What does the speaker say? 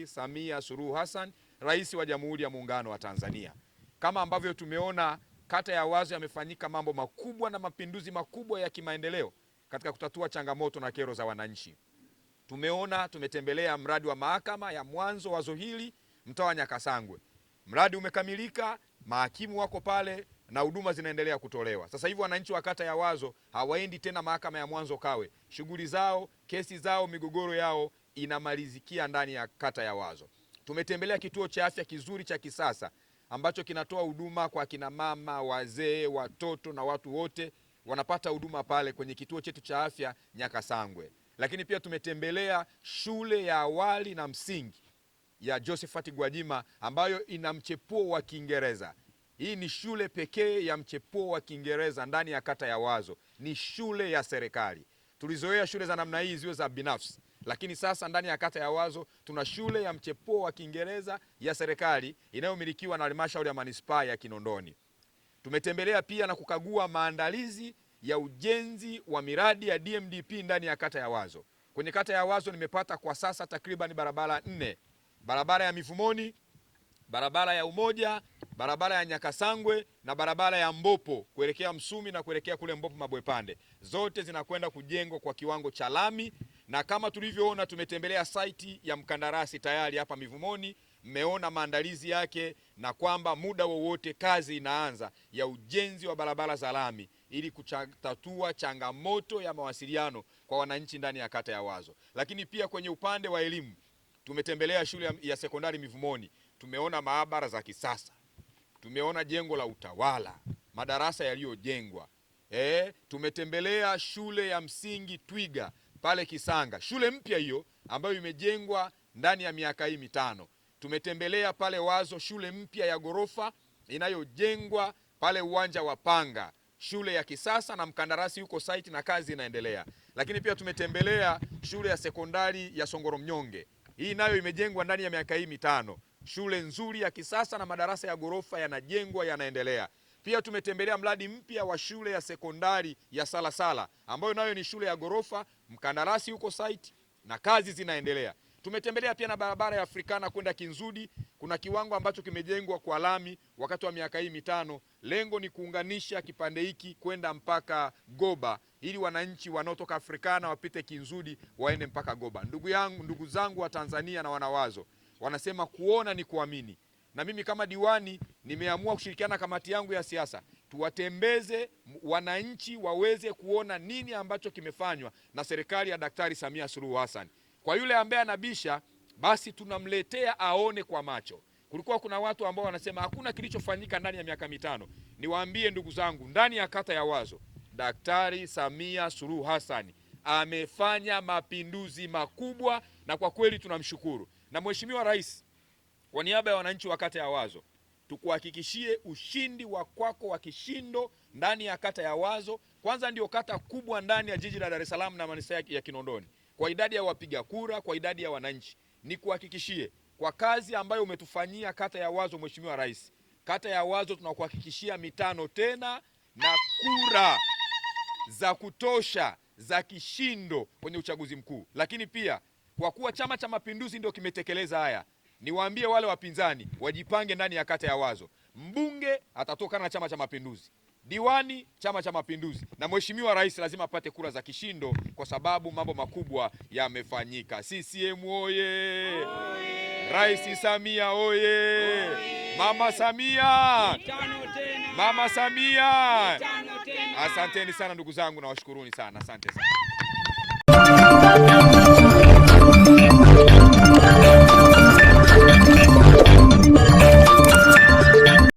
Daktari Samia Suluhu Hassan, rais wa Jamhuri ya Muungano wa Tanzania. Kama ambavyo tumeona kata ya Wazo yamefanyika mambo makubwa na mapinduzi makubwa ya kimaendeleo katika kutatua changamoto na kero za wananchi. Tumeona tumetembelea mradi wa mahakama ya mwanzo Wazo hili mtaa wa Nyakasangwe, mradi umekamilika, mahakimu wako pale na huduma zinaendelea kutolewa. Sasa hivi wananchi wa kata ya Wazo hawaendi tena mahakama ya mwanzo Kawe, shughuli zao, kesi zao, migogoro yao inamalizikia ndani ya kata ya Wazo. Tumetembelea kituo cha afya kizuri cha kisasa ambacho kinatoa huduma kwa kina mama, wazee, watoto na watu wote wanapata huduma pale kwenye kituo chetu cha afya Nyakasangwe. Lakini pia tumetembelea shule ya awali na msingi ya Josephat Gwajima ambayo ina mchepuo wa Kiingereza. Hii ni shule pekee ya mchepuo wa Kiingereza ndani ya kata ya Wazo, ni shule ya serikali. Tulizoea shule za namna hii ziwe za binafsi, lakini sasa ndani ya kata ya Wazo tuna shule ya mchepuo wa Kiingereza ya serikali inayomilikiwa na halmashauri ya manispaa ya Kinondoni. Tumetembelea pia na kukagua maandalizi ya ujenzi wa miradi ya DMDP ndani ya kata ya Wazo. Kwenye kata ya Wazo nimepata kwa sasa takriban barabara nne: barabara ya Mivumoni, barabara ya Umoja, barabara ya Nyakasangwe na barabara ya Mbopo kuelekea Msumi na kuelekea kule Mbopo Mabwepande. Zote zinakwenda kujengwa kwa kiwango cha lami na kama tulivyoona tumetembelea saiti ya mkandarasi tayari hapa Mivumoni, mmeona maandalizi yake na kwamba muda wowote kazi inaanza ya ujenzi wa barabara za lami ili kutatua changamoto ya mawasiliano kwa wananchi ndani ya kata ya Wazo. Lakini pia kwenye upande wa elimu tumetembelea shule ya sekondari Mivumoni, tumeona maabara za kisasa, tumeona jengo la utawala, madarasa yaliyojengwa. E, tumetembelea shule ya msingi Twiga pale Kisanga, shule mpya hiyo ambayo imejengwa ndani ya miaka hii mitano. Tumetembelea pale Wazo, shule mpya ya ghorofa inayojengwa pale uwanja wa Panga, shule ya kisasa na mkandarasi yuko site na kazi inaendelea. Lakini pia tumetembelea shule ya sekondari ya Songoro Mnyonge, hii nayo imejengwa ndani ya miaka hii mitano, shule nzuri ya kisasa na madarasa ya ghorofa yanajengwa yanaendelea. Pia tumetembelea mradi mpya wa shule ya sekondari ya Salasala ambayo nayo ni shule ya ghorofa, mkandarasi huko site na kazi zinaendelea. Tumetembelea pia na barabara ya Afrikana kwenda Kinzudi, kuna kiwango ambacho kimejengwa kwa lami wakati wa miaka hii mitano. Lengo ni kuunganisha kipande hiki kwenda mpaka Goba ili wananchi wanaotoka Afrikana wapite Kinzudi waende mpaka Goba. Ndugu yangu, ndugu zangu wa Tanzania na wanawazo wanasema kuona ni kuamini na mimi kama diwani nimeamua kushirikiana na kamati yangu ya siasa tuwatembeze wananchi waweze kuona nini ambacho kimefanywa na serikali ya Daktari Samia Suluhu Hassan. Kwa yule ambaye anabisha, basi tunamletea aone kwa macho. Kulikuwa kuna watu ambao wanasema hakuna kilichofanyika ndani ya miaka mitano. Niwaambie ndugu zangu, ndani ya kata ya Wazo, Daktari Samia Suluhu Hassan amefanya mapinduzi makubwa, na kwa kweli tunamshukuru. Na Mheshimiwa Rais kwa niaba ya wananchi wa kata ya Wazo tukuhakikishie ushindi wa kwako wa kishindo ndani ya kata ya Wazo. Kwanza ndio kata kubwa ndani ya jiji la Dar es Salaam na manispaa ya Kinondoni kwa idadi ya wapiga kura, kwa idadi ya wananchi. Nikuhakikishie kwa kazi ambayo umetufanyia kata ya Wazo, Mheshimiwa Rais, kata ya Wazo tunakuhakikishia mitano tena na kura za kutosha za kishindo kwenye uchaguzi mkuu. Lakini pia kwa kuwa Chama cha Mapinduzi ndio kimetekeleza haya niwaambie wale wapinzani wajipange ndani ya kata ya Wazo. Mbunge atatokana na Chama cha Mapinduzi, diwani Chama cha Mapinduzi, na mheshimiwa rais lazima apate kura za kishindo, kwa sababu mambo makubwa yamefanyika. CCM oye! Rais Samia oye! Oye! Mama Samia Mama Samia, asanteni sana ndugu zangu, nawashukuruni sana, asante sana.